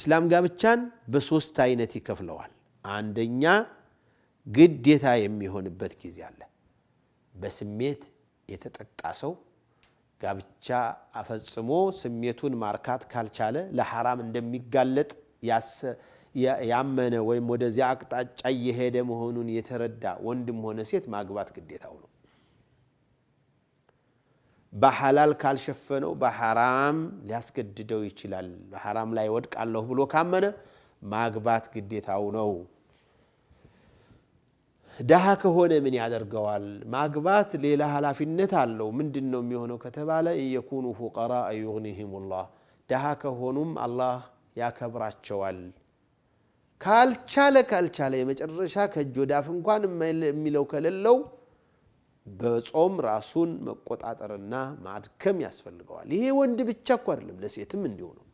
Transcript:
ኢስላም ጋብቻን በሶስት አይነት ይከፍለዋል። አንደኛ ግዴታ የሚሆንበት ጊዜ አለ። በስሜት የተጠቃ ሰው ጋብቻ አፈጽሞ ስሜቱን ማርካት ካልቻለ ለሐራም እንደሚጋለጥ ያመነ ወይም ወደዚያ አቅጣጫ እየሄደ መሆኑን የተረዳ ወንድም ሆነ ሴት ማግባት ግዴታው ነው። በሐላል ካልሸፈነው በሐራም ሊያስገድደው ይችላል። በሐራም ላይ ወድቃለሁ ብሎ ካመነ ማግባት ግዴታው ነው። ደሃ ከሆነ ምን ያደርገዋል? ማግባት ሌላ ኃላፊነት አለው። ምንድን ነው የሚሆነው ከተባለ እየኩኑ ፉቀራ ዩግኒሂሙላህ ደሃ ከሆኑም አላህ ያከብራቸዋል። ካልቻለ ካልቻለ የመጨረሻ ከእጅ ወዳፍ እንኳን የሚለው ከሌለው በጾም ራሱን መቆጣጠርና ማድከም ያስፈልገዋል። ይሄ ወንድ ብቻ እኮ አይደለም፣ ለሴትም እንዲሆነው